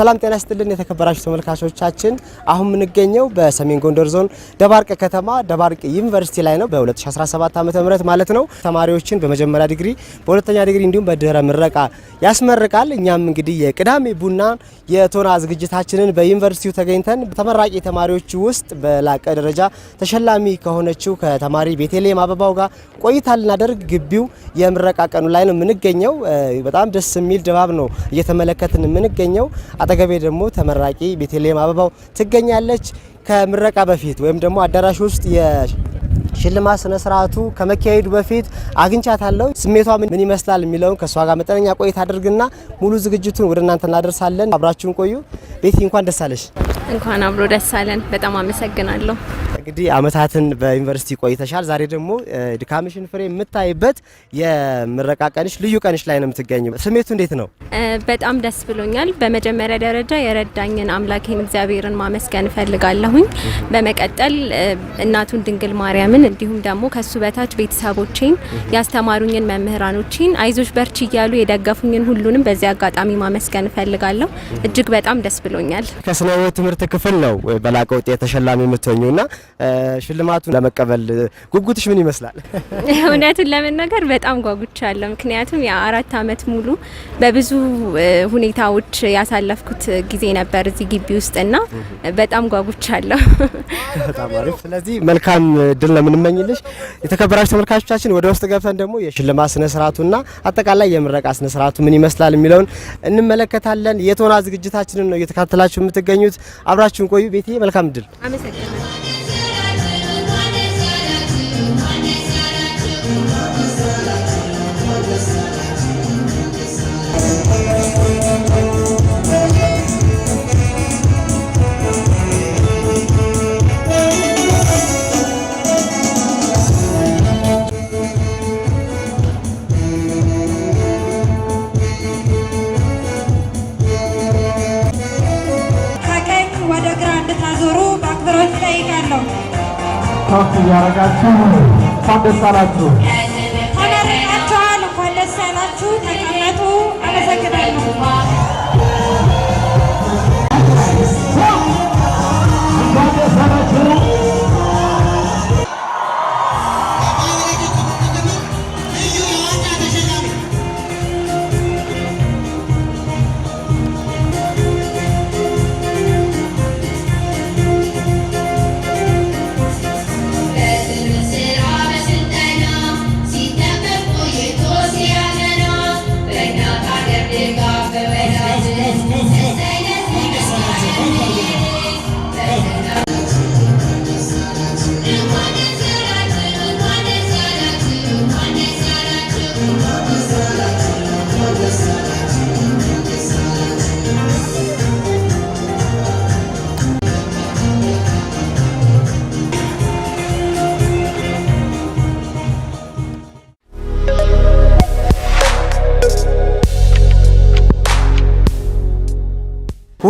ሰላም ጤና ይስጥልን የተከበራችሁ ተመልካቾቻችን፣ አሁን የምንገኘው በሰሜን ጎንደር ዞን ደባርቅ ከተማ ደባርቅ ዩኒቨርሲቲ ላይ ነው። በ2017 ዓ ም ማለት ነው። ተማሪዎችን በመጀመሪያ ዲግሪ፣ በሁለተኛ ዲግሪ እንዲሁም በድህረ ምረቃ ያስመርቃል። እኛም እንግዲህ የቅዳሜ ቡና የቶና ዝግጅታችንን በዩኒቨርሲቲው ተገኝተን ተመራቂ ተማሪዎች ውስጥ በላቀ ደረጃ ተሸላሚ ከሆነችው ከተማሪ ቤቴሌም አበባው ጋር ቆይታ ልናደርግ ግቢው የምረቃ ቀኑ ላይ ነው የምንገኘው። በጣም ደስ የሚል ድባብ ነው እየተመለከትን የምንገኘው። አጠገቤ ደግሞ ተመራቂ ቤተልሔም አበባው ትገኛለች። ከምረቃ በፊት ወይም ደግሞ አዳራሽ ውስጥ የሽልማት ስነ ስርዓቱ ከመካሄዱ በፊት አግኝቻታለሁ። ስሜቷ ምን ይመስላል የሚለውን ከእሷ ጋር መጠነኛ ቆይታ አድርግና ሙሉ ዝግጅቱን ወደ እናንተ እናደርሳለን። አብራችሁን ቆዩ። ቤቲ እንኳን ደስ አለሽ። እንኳን አብሮ ደስ አለን። በጣም አመሰግናለሁ። እንግዲህ አመታትን በዩኒቨርሲቲ ቆይተሻል። ዛሬ ደግሞ ድካምሽን ፍሬ የምታይበት የምረቃ ቀንሽ ልዩ ቀንሽ ላይ ነው የምትገኘው። ስሜቱ እንዴት ነው? በጣም ደስ ብሎኛል። በመጀመሪያ ደረጃ የረዳኝን አምላኬን እግዚአብሔርን ማመስገን እፈልጋለሁኝ። በመቀጠል እናቱን ድንግል ማርያምን እንዲሁም ደግሞ ከሱ በታች ቤተሰቦቼን፣ ያስተማሩኝን መምህራኖቼን፣ አይዞች በርች እያሉ የደገፉኝን ሁሉንም በዚህ አጋጣሚ ማመስገን እፈልጋለሁ። እጅግ በጣም ደስ ብሎኛል። ከስነ ትምህርት ክፍል ነው በላቀ ውጤት ተሸላሚ የምትሆኙና ሽልማቱን ለመቀበል ጉጉትሽ ምን ይመስላል? እውነቱን ለመናገር በጣም ጓጉቻለሁ። ምክንያቱም የአራት አመት ሙሉ በብዙ ሁኔታዎች ያሳለፍኩት ጊዜ ነበር እዚህ ግቢ ውስጥና በጣም ጓጉቻለሁ። በጣም አሪፍ። ስለዚህ መልካም እድል ነው የምንመኝልሽ። የተከበራችሁ ተመልካቾቻችን ወደ ውስጥ ገብተን ደግሞ የሽልማት ስነ ስርዓቱና አጠቃላይ የምረቃ ስነ ስርዓቱ ምን ይመስላል የሚለውን እንመለከታለን። የቶና ዝግጅታችንን ነው እየተካተላችሁ የምትገኙት። አብራችሁን ቆዩ። ቤቴ መልካም እድል። አመሰግናለሁ። ታፕ እያደረጋችሁ እንኳን ደስ አላችሁ።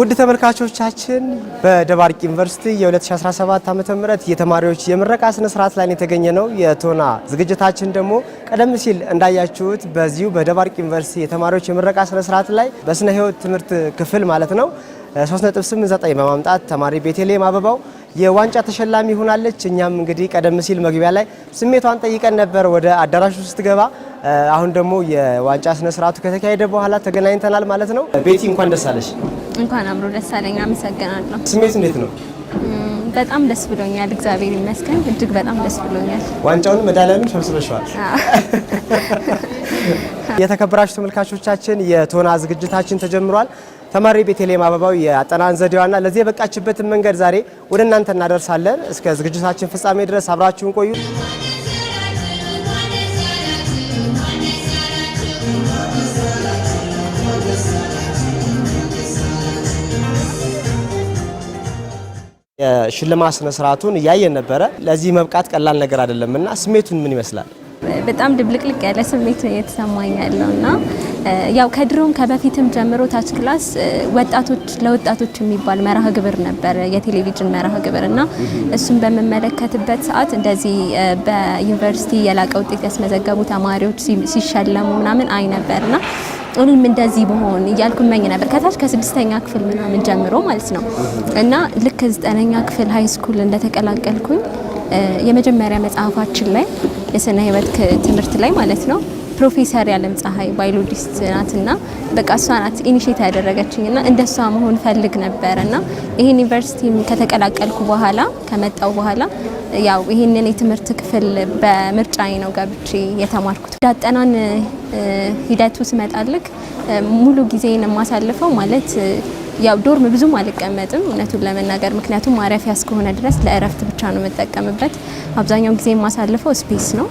ውድ ተመልካቾቻችን በደባርቅ ዩኒቨርሲቲ የ2017 ዓ ም የተማሪዎች የምረቃ ስነ ስርዓት ላይ የተገኘ ነው የቶና ዝግጅታችን ደግሞ ቀደም ሲል እንዳያችሁት በዚሁ በደባርቅ ዩኒቨርሲቲ የተማሪዎች የምረቃ ስነ ስርዓት ላይ በስነ ህይወት ትምህርት ክፍል ማለት ነው 3.89 በማምጣት ተማሪ ቤተልሔም አበባው የዋንጫ ተሸላሚ ሆናለች። እኛም እንግዲህ ቀደም ሲል መግቢያ ላይ ስሜቷን ጠይቀን ነበር ወደ አዳራሹ ስትገባ። አሁን ደግሞ የዋንጫ ስነ ስርዓቱ ከተካሄደ በኋላ ተገናኝተናል ማለት ነው። ቤቲ እንኳን ደስ አለሽ። እንኳን አምሮ ደስ አለኝ። አመሰግናለሁ። ስሜት እንዴት ነው? በጣም ደስ ብሎኛል። እግዚአብሔር ይመስገን እጅግ በጣም ደስ ብሎኛል። ዋንጫውን መዳሊያውን ሰብስበሽዋል። የተከበራችሁ ተመልካቾቻችን የቶና ዝግጅታችን ተጀምሯል። ተማሪ ቤተልሔም አበባው የአጠናን ዘዴዋና ለዚህ የበቃችበትን መንገድ ዛሬ ወደ እናንተ እናደርሳለን። እስከ ዝግጅታችን ፍጻሜ ድረስ አብራችሁን ቆዩ። የሽልማት ስነ ስርዓቱን እያየን ነበረ። ለዚህ መብቃት ቀላል ነገር አይደለም እና ስሜቱን ምን ይመስላል? በጣም ድብልቅልቅ ያለ ስሜት እየተሰማኝ ያለው እና ያው ከድሮም ከበፊትም ጀምሮ ታች ክላስ ወጣቶች ለወጣቶች የሚባል መርሃ ግብር ነበር፣ የቴሌቪዥን መርሃ ግብር እና እሱን በምመለከትበት ሰዓት እንደዚህ በዩኒቨርሲቲ የላቀ ውጤት ያስመዘገቡ ተማሪዎች ሲሸለሙ ምናምን አይ ነበር እና እኔም እንደዚህ በሆን እያልኩ እመኝ ነበር ከታች ከስድስተኛ ክፍል ምናምን ጀምሮ ማለት ነው እና ልክ ዘጠነኛ ክፍል ሀይ ስኩል እንደተቀላቀልኩኝ የመጀመሪያ መጽሐፋችን ላይ የስነ ህይወት ትምህርት ላይ ማለት ነው ፕሮፌሰር ያለም ፀሐይ ባዮሎጂስት ናት እና በቃ እሷ ናት ኢኒሽት ያደረገችኝ እና እንደ እሷ መሆን ፈልግ ነበር እና ይሄ ዩኒቨርሲቲ ከተቀላቀልኩ በኋላ ከመጣው በኋላ ያው ይህንን የትምህርት ክፍል በምርጫዬ ነው ገብቼ የተማርኩት። ዳጠናን ሂደቱ ስመጣልክ ሙሉ ጊዜን የማሳልፈው ማለት ያው ዶርም ብዙም አልቀመጥም እውነቱን ለመናገር ምክንያቱም ማረፊያ እስከሆነ ድረስ ለእረፍት ብቻ ነው የምጠቀምበት። አብዛኛው ጊዜ የማሳልፈው ስፔስ ነው።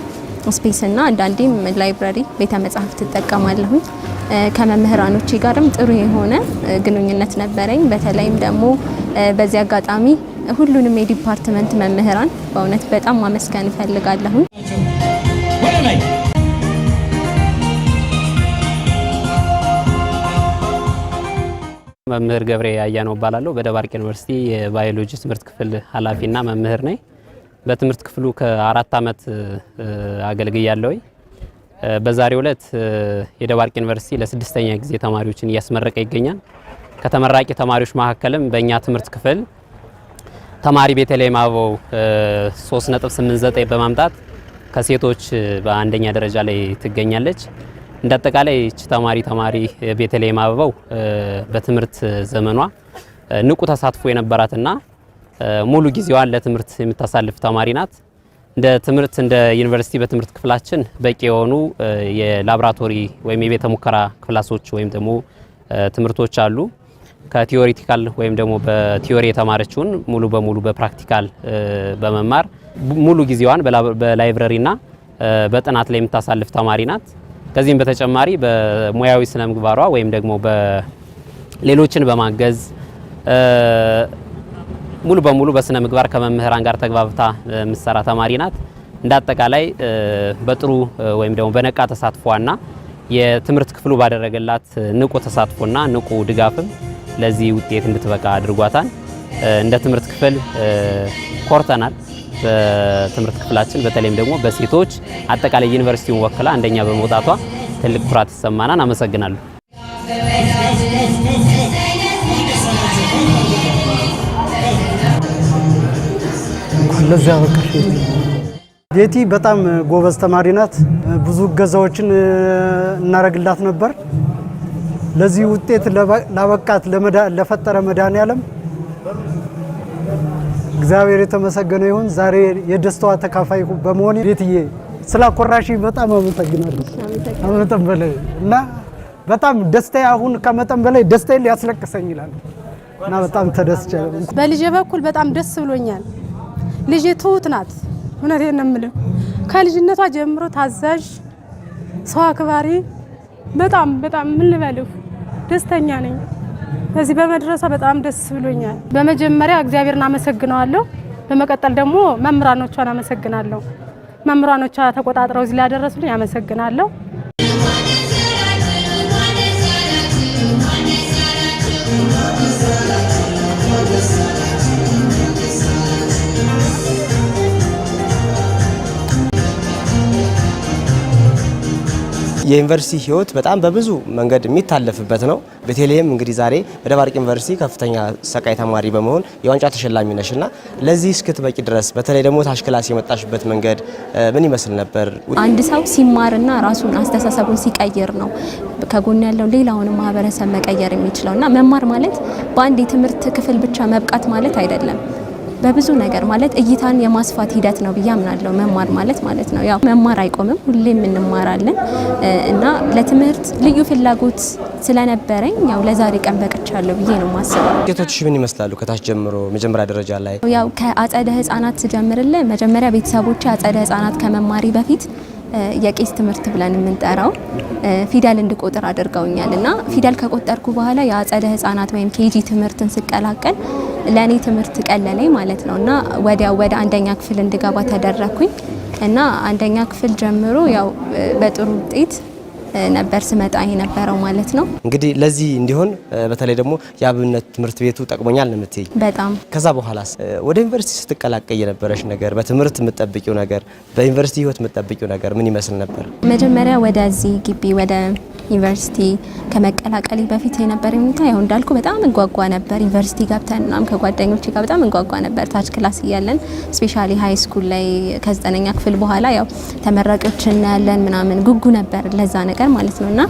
ስፔስ እና አንዳንዴም ላይብረሪ ቤተ መጻሕፍት እጠቀማለሁኝ። ከመምህራኖቼ ጋርም ጥሩ የሆነ ግንኙነት ነበረኝ። በተለይም ደግሞ በዚህ አጋጣሚ ሁሉንም የዲፓርትመንት መምህራን በእውነት በጣም ማመስገን እፈልጋለሁኝ። መምህር ገብሬ አያነው እባላለሁ። በደባርቅ ዩኒቨርሲቲ የባዮሎጂ ትምህርት ክፍል ኃላፊና መምህር ነኝ። በትምህርት ክፍሉ ከአራት ዓመት አገልግያለሁ። በዛሬው ዕለት የደባርቅ ዩኒቨርሲቲ ለስድስተኛ ጊዜ ተማሪዎችን እያስመረቀ ይገኛል። ከተመራቂ ተማሪዎች መካከልም በእኛ ትምህርት ክፍል ተማሪ ቤተልሔም አበባው 3.89 በማምጣት ከሴቶች በአንደኛ ደረጃ ላይ ትገኛለች። እንደ አጠቃላይ ይች ተማሪ ተማሪ ቤተልሔም አበባው በትምህርት ዘመኗ ንቁ ተሳትፎ የነበራትና ሙሉ ጊዜዋን ለትምህርት የምታሳልፍ ተማሪ ናት። እንደ ትምህርት እንደ ዩኒቨርሲቲ በትምህርት ክፍላችን በቂ የሆኑ የላብራቶሪ ወይም የቤተ ሙከራ ክፍላሶች ወይም ደግሞ ትምህርቶች አሉ። ከቲዮሪቲካል ወይም ደግሞ በቲዮሪ የተማረችውን ሙሉ በሙሉ በፕራክቲካል በመማር ሙሉ ጊዜዋን በላይብረሪና በጥናት ላይ የምታሳልፍ ተማሪ ናት። ከዚህም በተጨማሪ በሙያዊ ስነ ምግባሯ ወይም ደግሞ በሌሎችን በማገዝ ሙሉ በሙሉ በስነ ምግባር ከመምህራን ጋር ተግባብታ የምትሰራ ተማሪ ናት። እንደ አጠቃላይ በጥሩ ወይም ደግሞ በነቃ ተሳትፏና የትምህርት ክፍሉ ባደረገላት ንቁ ተሳትፎና ንቁ ድጋፍም ለዚህ ውጤት እንድትበቃ አድርጓታል። እንደ ትምህርት ክፍል ኮርተናል። በትምህርት ክፍላችን በተለይም ደግሞ በሴቶች አጠቃላይ ዩኒቨርሲቲውን ወክላ አንደኛ በመውጣቷ ትልቅ ኩራት ይሰማናል። አመሰግናለሁ። ለዛ በቃ ቤቲ በጣም ጎበዝ ተማሪ ናት። ብዙ እገዛዎችን እናደርግላት ነበር። ለዚህ ውጤት ላበቃት ለፈጠረ መድኃኔዓለም እግዚአብሔር የተመሰገነ ይሁን። ዛሬ የደስታዋ ተካፋይ በመሆኔ ቤትዬ ስላኮራሽ በጣም አመሰግናለሁ። ከመጠን በላይ እና በጣም ደስታ አሁን ከመጠን በላይ ደስታ ሊያስለቅሰኝ ይላል እና በጣም ተደስቻለሁ። በልጄ በኩል በጣም ደስ ብሎኛል። ልጄ ትሁት ናት። እውነቴን ነው የምልህ። ከልጅነቷ ጀምሮ ታዛዥ፣ ሰው አክባሪ፣ በጣም በጣም ምን ልበልህ ደስተኛ ነኝ። በዚህ በመድረሷ በጣም ደስ ብሎኛል። በመጀመሪያ እግዚአብሔርን አመሰግነዋለሁ። በመቀጠል ደግሞ መምህራኖቿን አመሰግናለሁ። መምህራኖቿ ተቆጣጥረው እዚህ ላደረሱልኝ አመሰግናለሁ። የዩኒቨርሲቲ ህይወት በጣም በብዙ መንገድ የሚታለፍበት ነው። በተለይም እንግዲህ ዛሬ በደባርቅ ዩኒቨርሲቲ ከፍተኛ ሰቃይ ተማሪ በመሆን የዋንጫ ተሸላሚ ነሽ እና ለዚህ እስክትበቂ ድረስ በተለይ ደግሞ ታሽ ክላስ የመጣሽበት መንገድ ምን ይመስል ነበር? አንድ ሰው ሲማርና ራሱን አስተሳሰቡን ሲቀይር ነው ከጎን ያለው ሌላውን ማህበረሰብ መቀየር የሚችለው እና መማር ማለት በአንድ የትምህርት ክፍል ብቻ መብቃት ማለት አይደለም። በብዙ ነገር ማለት እይታን የማስፋት ሂደት ነው ብዬ አምናለሁ። መማር ማለት ማለት ነው ያው መማር አይቆምም፣ ሁሌም እንማራለን እና ለትምህርት ልዩ ፍላጎት ስለነበረኝ ያው ለዛሬ ቀን በቅቻለሁ ብዬ ነው ማስበው። ውጤቶችሽ ምን ይመስላሉ? ከታች ጀምሮ መጀመሪያ ደረጃ ላይ ያው ከአጸደ ህጻናት ስጀምርልህ መጀመሪያ ቤተሰቦች አጸደ ህጻናት ከመማሪ በፊት የቄስ ትምህርት ብለን የምንጠራው ፊደል እንድቆጥር አድርገውኛል እና ፊደል ከቆጠርኩ በኋላ የአጸደ ህጻናት ወይም ኬጂ ትምህርትን ስቀላቀል ለእኔ ትምህርት ቀለለኝ ማለት ነው እና ወዲያው ወደ አንደኛ ክፍል እንድገባ ተደረግኩኝ እና አንደኛ ክፍል ጀምሮ ያው በጥሩ ውጤት ነበር ስመጣ የነበረው ማለት ነው። እንግዲህ ለዚህ እንዲሆን በተለይ ደግሞ የአብነት ትምህርት ቤቱ ጠቅሞኛል ነው የምትይኝ? በጣም ከዛ በኋላ ወደ ዩኒቨርሲቲ ስትቀላቀይ የነበረች ነገር፣ በትምህርት የምጠብቂው ነገር፣ በዩኒቨርሲቲ ህይወት የምጠብቂው ነገር ምን ይመስል ነበር? መጀመሪያ ወደዚህ ግቢ ወደ ዩኒቨርሲቲ ከመቀላቀል በፊት የነበረ ሁኔታ ያው እንዳልኩ በጣም እንጓጓ ነበር። ዩኒቨርሲቲ ገብተን ምናምን ከጓደኞቼ ጋር በጣም እንጓጓ ነበር ታች ክላስ እያለን ስፔሻሊ ሀይ ስኩል ላይ ከዘጠነኛ ክፍል በኋላ ያው ተመራቂዎች እናያለን ምናምን ጉጉ ነበር ለዛ ነገር ማለት ነው እና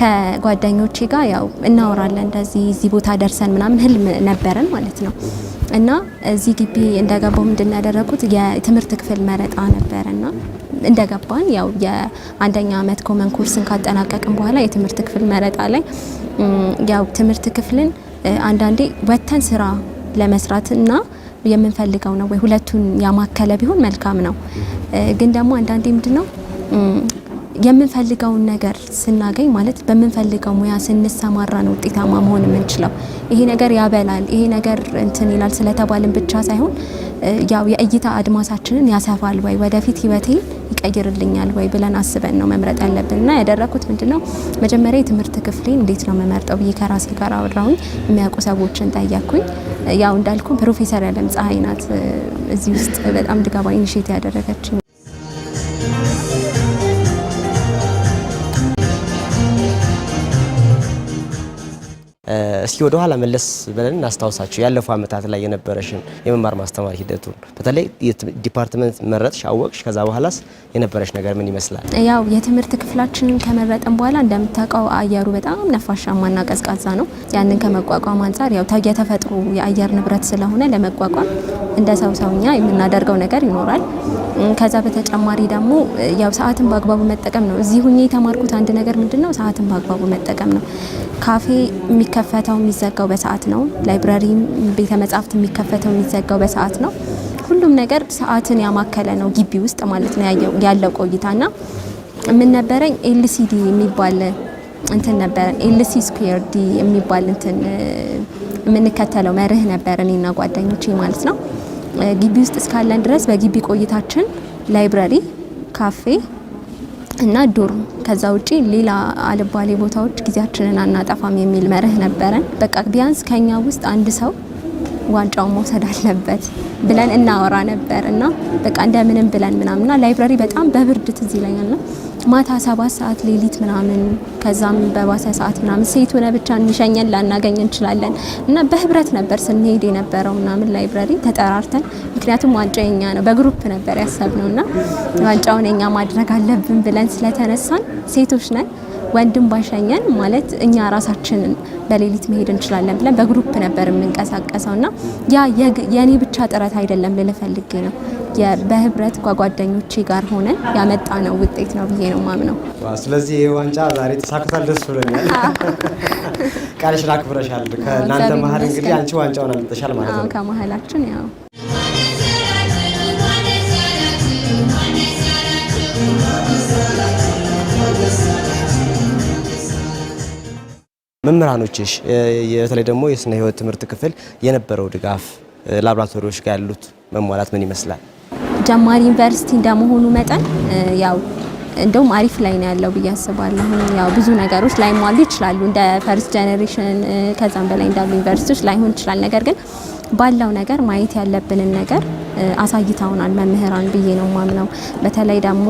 ከጓደኞቼ ጋር ያው እናወራለን እንደዚህ እዚህ ቦታ ደርሰን ምናምን ህልም ነበረን ማለት ነው። እና እዚህ ግቢ እንደገባው ምንድን ያደረኩት የትምህርት ክፍል መረጣ ነበር እና እንደገባን ያው የአንደኛ አመት ኮመን ኮርስን ካጠናቀቅን በኋላ የትምህርት ክፍል መረጣ ላይ ያው ትምህርት ክፍልን አንዳንዴ ወተን ስራ ለመስራትና የምንፈልገው ነው ወይ ሁለቱን ያማከለ ቢሆን መልካም ነው። ግን ደግሞ አንዳንዴ ምንድን ነው የምንፈልገውን ነገር ስናገኝ ማለት በምንፈልገው ሙያ ስንሰማራ ነው ውጤታማ መሆን የምንችለው። ይሄ ነገር ያበላል፣ ይሄ ነገር እንትን ይላል ስለተባልን ብቻ ሳይሆን ያው የእይታ አድማሳችንን ያሰፋል ወይ ወደፊት ህይወቴ ይቀይርልኛል ወይ ብለን አስበን ነው መምረጥ ያለብን። እና ያደረኩት ምንድን ነው መጀመሪያ የትምህርት ክፍሌን እንዴት ነው መመርጠው ብዬ ከራሴ ጋር አወራሁኝ። የሚያውቁ ሰዎችን ጠየቅኩኝ። ያው እንዳልኩ ፕሮፌሰር ያለም ፀሐይ ናት እዚህ ውስጥ በጣም ድጋባ ኢኒሽት ያደረገችኝ እስኪ ወደ ኋላ መለስ ብለን እናስታውሳቸው ያለፈው ዓመታት ላይ የነበረሽን የመማር ማስተማር ሂደቱን በተለይ ዲፓርትመንት መረጥሽ አወቅሽ፣ ከዛ በኋላስ የነበረሽ ነገር ምን ይመስላል? ያው የትምህርት ክፍላችንን ከመረጥን በኋላ እንደምታውቀው አየሩ በጣም ነፋሻማና ቀዝቃዛ ነው። ያንን ከመቋቋም አንጻር ያው የተፈጥሮ የአየር ንብረት ስለሆነ ለመቋቋም እንደ ሰው ሰውኛ የምናደርገው ነገር ይኖራል። ከዛ በተጨማሪ ደግሞ ያው ሰዓትን በአግባቡ መጠቀም ነው። እዚህ ሁኜ የተማርኩት አንድ ነገር ምንድን ነው ሰዓትን በአግባቡ መጠቀም ነው። ካፌ የሚከፈተው ቦታው የሚዘጋው በሰዓት ነው። ላይብራሪ ቤተ መጻሕፍት የሚከፈተው የሚዘጋው በሰዓት ነው። ሁሉም ነገር ሰዓትን ያማከለ ነው፣ ግቢ ውስጥ ማለት ነው ያለው ቆይታ ና ምን ነበረኝ ኤልሲዲ የሚባል እንትን ነበረን ኤልሲ ስኩዌር ዲ የሚባል እንትን የምንከተለው መርህ ነበር እኔና ጓደኞቼ ማለት ነው። ግቢ ውስጥ እስካለን ድረስ በግቢ ቆይታችን ላይብራሪ፣ ካፌ እና ዶርም። ከዛ ውጪ ሌላ አልባሌ ቦታዎች ጊዜያችንን አናጠፋም የሚል መርህ ነበረን። በቃ ቢያንስ ከኛ ውስጥ አንድ ሰው ዋንጫውን መውሰድ አለበት ብለን እናወራ ነበር እና በቃ እንደምንም ብለን ምናምንና ላይብራሪ በጣም በብርድ ትዝ ይለኛል ና ማታ ሰባት ሰዓት ሌሊት ምናምን ከዛም በባሰ ሰዓት ምናምን ሴት ሆነ ብቻ እንሸኘን ላናገኝ እንችላለን እና በህብረት ነበር ስንሄድ የነበረው ምናምን ላይብራሪ ተጠራርተን፣ ምክንያቱም ዋንጫው የኛ ነው በግሩፕ ነበር ያሰብነው እና ዋንጫውን የኛ ማድረግ አለብን ብለን ስለተነሳን ሴቶች ነን ወንድም ባይሸኘን ማለት እኛ ራሳችንን በሌሊት መሄድ እንችላለን ብለን በግሩፕ ነበር የምንቀሳቀሰው እና ያ የእኔ ብቻ ጥረት አይደለም ልልፈልግ ነው። በህብረት ጓጓደኞቼ ጋር ሆነን ያመጣ ነው ውጤት ነው ብዬ ነው ማምነው። ስለዚህ ይህ ዋንጫ ዛሬ ተሳክቷል፣ ደስ ብሎኛል። ቃልሽን አክብረሻል። ከእናንተ መሀል እንግዲህ አንቺ ዋንጫውን አምጥተሻል ማለት ነው ከመሀላችን ያው መምህራኖችሽ በተለይ ደግሞ የስነ ህይወት ትምህርት ክፍል የነበረው ድጋፍ ላብራቶሪዎች ጋር ያሉት መሟላት ምን ይመስላል? ጀማሪ ዩኒቨርሲቲ እንደመሆኑ መጠን ያው እንደውም አሪፍ ላይ ነው ያለው ብዬ አስባለሁ። ያው ብዙ ነገሮች ላይሟሉ ይችላሉ እንደ ፈርስት ጀኔሬሽን ከዛም በላይ እንዳሉ ዩኒቨርሲቲዎች ላይሆን ይችላል። ነገር ግን ባለው ነገር ማየት ያለብንን ነገር አሳይተውናል መምህራን ብዬ ነው ማምነው። በተለይ ደግሞ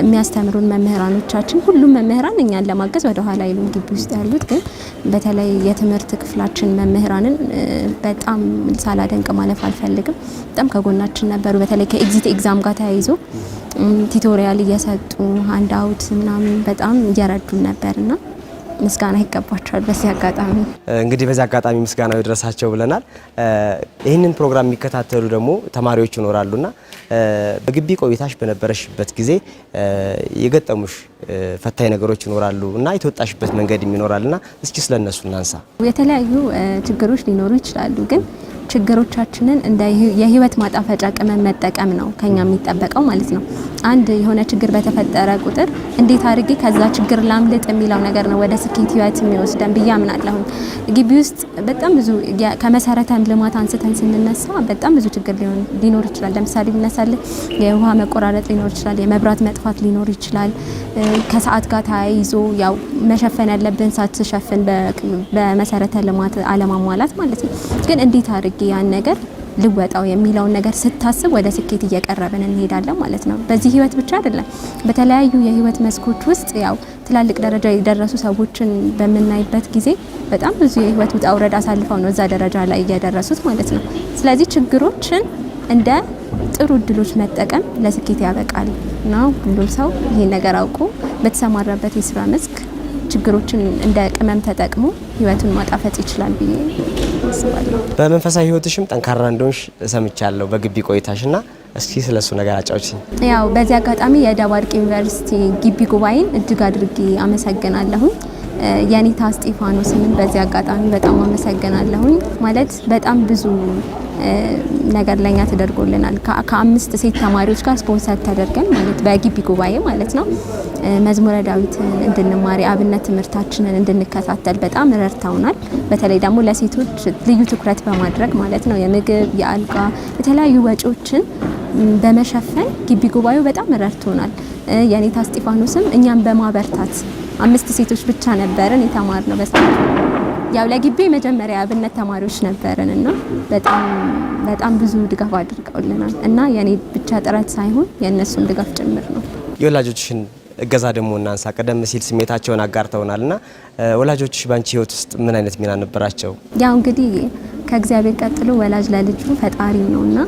የሚያስተምሩን መምህራኖቻችን ሁሉም መምህራን እኛን ለማገዝ ወደ ኋላ አይሉም። ግቢ ውስጥ ያሉት ግን በተለይ የትምህርት ክፍላችን መምህራንን በጣም ሳላደንቅ ማለፍ አልፈልግም። በጣም ከጎናችን ነበሩ። በተለይ ከኤግዚት ኤግዛም ጋር ተያይዞ ቲቶሪያል እየሰጡ ሀንድ አውት ምናምን በጣም እየረዱን ነበርና ምስጋና ይገባቸዋል። በዚህ አጋጣሚ እንግዲህ በዚህ አጋጣሚ ምስጋና ይድረሳቸው ብለናል። ይህንን ፕሮግራም የሚከታተሉ ደግሞ ተማሪዎች ይኖራሉና በግቢ ቆይታሽ በነበረሽበት ጊዜ የገጠሙሽ ፈታኝ ነገሮች ይኖራሉ እና የተወጣሽበት መንገድ ይኖራልና እስኪ ስለነሱ እናንሳ። የተለያዩ ችግሮች ሊኖሩ ይችላሉ ግን ችግሮቻችንን እንደ የህይወት ማጣፈጫ ቅመም መጠቀም ነው ከኛ የሚጠበቀው ማለት ነው። አንድ የሆነ ችግር በተፈጠረ ቁጥር እንዴት አድርጌ ከዛ ችግር ላምልጥ የሚለው ነገር ነው ወደ ስኬት ህይወት የሚወስደን ብዬ አምናለሁ። ግቢ ውስጥ በጣም ብዙ ከመሰረተ ልማት አንስተን ስንነሳ በጣም ብዙ ችግር ሊኖር ይችላል። ለምሳሌ ብነሳል የውሃ መቆራረጥ ሊኖር ይችላል፣ የመብራት መጥፋት ሊኖር ይችላል። ከሰዓት ጋር ተያይዞ ያው መሸፈን ያለብን ሳትሸፍን በመሰረተ ልማት አለማሟላት ማለት ነው። ግን እንዴት አድርጌ ያን ነገር ልወጣው የሚለውን ነገር ስታስብ ወደ ስኬት እየቀረብን እንሄዳለን ማለት ነው። በዚህ ህይወት ብቻ አይደለም፣ በተለያዩ የህይወት መስኮች ውስጥ ያው ትላልቅ ደረጃ የደረሱ ሰዎችን በምናይበት ጊዜ በጣም ብዙ የህይወት ውጣ ውረድ አሳልፈው ነው እዛ ደረጃ ላይ እየደረሱት ማለት ነው። ስለዚህ ችግሮችን እንደ ጥሩ እድሎች መጠቀም ለስኬት ያበቃል እና ሁሉም ሰው ይህን ነገር አውቆ በተሰማራበት የስራ መስክ ችግሮችን እንደ ቅመም ተጠቅሞ ህይወቱን ማጣፈጥ ይችላል ብዬ አስባለሁ። በመንፈሳዊ ህይወትሽም ጠንካራ እንደሆንሽ ሰምቻለሁ በግቢ ቆይታሽ እና እስኪ ስለ እሱ ነገር አጫዎች። ያው በዚህ አጋጣሚ የደባርቅ ዩኒቨርሲቲ ግቢ ጉባኤን እጅግ አድርጌ አመሰግናለሁኝ። የኔታ እስጢፋኖስን በዚህ አጋጣሚ በጣም አመሰግናለሁኝ። ማለት በጣም ብዙ ነገር ለኛ ተደርጎልናል። ከአምስት ሴት ተማሪዎች ጋር ስፖንሰር ተደርገን ማለት በግቢ ጉባኤ ማለት ነው መዝሙረ ዳዊትን እንድንማሪ አብነት ትምህርታችንን እንድንከታተል በጣም ረድተውናል። በተለይ ደግሞ ለሴቶች ልዩ ትኩረት በማድረግ ማለት ነው የምግብ የአልጋ የተለያዩ ወጪዎችን በመሸፈን ግቢ ጉባኤው በጣም ረድቶናል። የኔታ እስጢፋኖስም እኛም በማበርታት አምስት ሴቶች ብቻ ነበርን የተማር ነው በሰዓቱ ያው ለግቢ መጀመሪያ አብነት ተማሪዎች ነበርን እና በጣም በጣም ብዙ ድጋፍ አድርገውልናል እና የኔ ብቻ ጥረት ሳይሆን የእነሱም ድጋፍ ጭምር ነው። የወላጆችሽን እገዛ ደግሞ እናንሳ። ቀደም ሲል ስሜታቸውን አጋርተውናል እና ወላጆች በአንቺ ህይወት ውስጥ ምን አይነት ሚና ነበራቸው? ያው እንግዲህ ከእግዚአብሔር ቀጥሎ ወላጅ ለልጁ ፈጣሪ ነው እና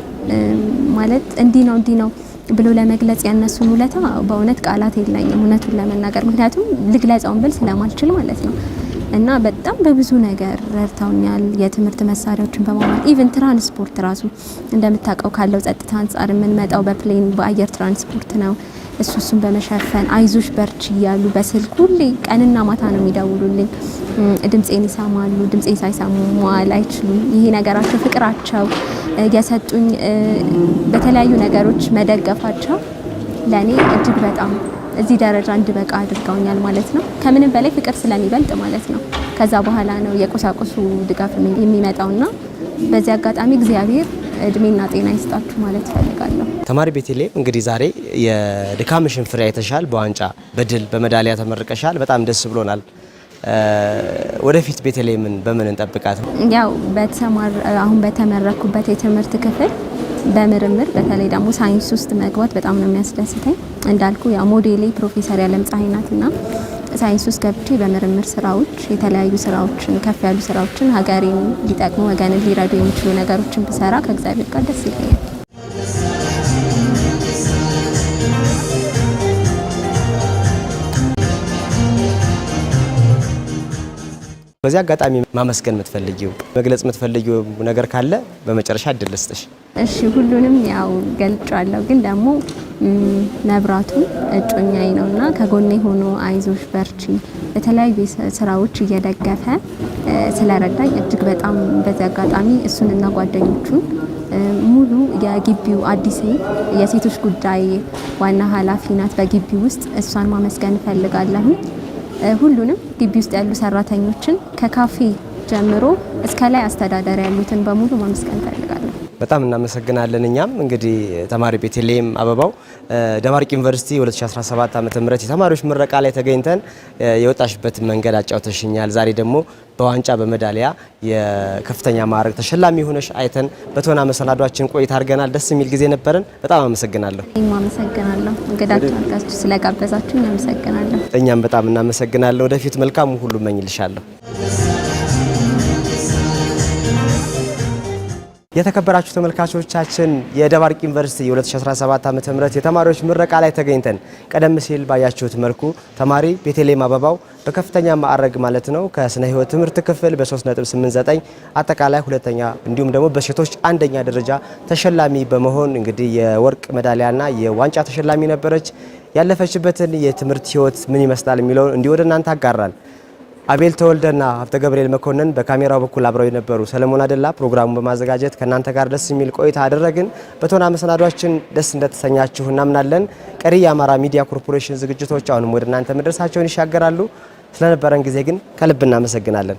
ማለት እንዲህ ነው እንዲህ ነው ብሎ ለመግለጽ ያነሱን ውለታ በእውነት ቃላት የለኝም፣ እውነቱን ለመናገር ምክንያቱም ልግለጸውን ብል ስለማልችል ማለት ነው። እና በጣም በብዙ ነገር ረድተውኛል። የትምህርት መሳሪያዎችን በማሟል ኢቨን ትራንስፖርት ራሱ እንደምታውቀው ካለው ጸጥታ አንጻር የምንመጣው በፕሌን በአየር ትራንስፖርት ነው። እሱ እሱን በመሸፈን አይዞሽ በርች እያሉ በስልክ ሁሌ ቀንና ማታ ነው የሚደውሉልኝ። ድምፄን ይሰማሉ፣ ድምፄን ሳይሰሙ መዋል አይችሉም። ይሄ ነገራቸው ፍቅራቸው የሰጡኝ በተለያዩ ነገሮች መደገፋቸው ለእኔ እጅግ በጣም እዚህ ደረጃ እንድበቃ አድርገውኛል ማለት ነው። ከምንም በላይ ፍቅር ስለሚበልጥ ማለት ነው። ከዛ በኋላ ነው የቁሳቁሱ ድጋፍ የሚመጣውና በዚህ አጋጣሚ እግዚአብሔር እድሜና ጤና ይስጣችሁ ማለት ይፈልጋለሁ። ተማሪ ቤተልሔም እንግዲህ ዛሬ የድካምሽን ፍሬ አይተሻል። በዋንጫ በድል በመዳሊያ ተመርቀሻል። በጣም ደስ ብሎናል። ወደፊት ቤተልሔምን በምን እንጠብቃት? ያው አሁን በተመረኩበት የትምህርት ክፍል በምርምር በተለይ ደግሞ ሳይንስ ውስጥ መግባት በጣም ነው የሚያስደስተኝ። እንዳልኩ ያው ሞዴሌ ፕሮፌሰር ያለምፀሐይ ናትና ሳይንስ ውስጥ ገብቼ በምርምር ስራዎች የተለያዩ ስራዎችን ከፍ ያሉ ስራዎችን ሀገሬን ሊጠቅሙ ወገንን ሊረዱ የሚችሉ ነገሮችን ብሰራ ከእግዚአብሔር ጋር ደስ ይለኛል። በዚህ አጋጣሚ ማመስገን የምትፈልጊው መግለጽ የምትፈልጊው ነገር ካለ በመጨረሻ እድል እሺ ሁሉንም ያው ገልጫለሁ፣ ግን ደግሞ መብራቱ እጮኛዬ ነውና ከጎኔ ሆኖ አይዞሽ በርቺ፣ በተለያዩ ስራዎች እየደገፈ ስለረዳኝ እጅግ በጣም በዚህ አጋጣሚ እሱንና ጓደኞቹን ሙሉ የግቢው አዲስ የሴቶች ጉዳይ ዋና ኃላፊ ናት በግቢው ውስጥ እሷን ማመስገን እፈልጋለሁ። ሁሉንም ግቢ ውስጥ ያሉ ሰራተኞችን ከካፌ ጀምሮ እስከ ላይ አስተዳደር ያሉትን በሙሉ ማመስገን ፈልጋለሁ። በጣም እናመሰግናለን። እኛም እንግዲህ ተማሪ ቤተልሔም አበባው ደማርቅ ዩኒቨርሲቲ 2017 ዓ.ም የተማሪዎች ምረቃ ላይ ተገኝተን የወጣሽበትን መንገድ አጫውተሽኛል። ዛሬ ደግሞ በዋንጫ በመዳሊያ የከፍተኛ ማዕረግ ተሸላሚ ሆነሽ አይተን በትወና መሰናዷችን ቆይታ አድርገናል። ደስ የሚል ጊዜ ነበረን። በጣም አመሰግናለሁ። አመሰግናለሁ እንግዳችሁ ስለጋበዛችሁ አመሰግናለሁ። እኛም በጣም እናመሰግናለን። ወደፊት መልካሙ ሁሉ እመኝልሻለሁ። የተከበራችሁ ተመልካቾቻችን የደባርቅ ዩኒቨርሲቲ የ2017 ዓ.ም የተማሪዎች ምረቃ ላይ ተገኝተን ቀደም ሲል ባያችሁት መልኩ ተማሪ ቤቴሌም አበባው በከፍተኛ ማዕረግ ማለት ነው ከስነ ህይወት ትምህርት ክፍል በ3.89 አጠቃላይ ሁለተኛ እንዲሁም ደግሞ በሴቶች አንደኛ ደረጃ ተሸላሚ በመሆን እንግዲህ የወርቅ መዳሊያና የዋንጫ ተሸላሚ ነበረች። ያለፈችበትን የትምህርት ህይወት ምን ይመስላል የሚለውን እንዲህ ወደ እናንተ አጋራል። አቤል ተወልደና ሀብተ ገብርኤል መኮንን በካሜራው በኩል አብረው የነበሩ ሰለሞን አደላ ፕሮግራሙን በማዘጋጀት ከእናንተ ጋር ደስ የሚል ቆይታ አደረግን። በቶና መሰናዷችን ደስ እንደተሰኛችሁ እናምናለን። ቀሪ የአማራ ሚዲያ ኮርፖሬሽን ዝግጅቶች አሁንም ወደ እናንተ መድረሳቸውን ይሻገራሉ። ስለነበረን ጊዜ ግን ከልብ እናመሰግናለን።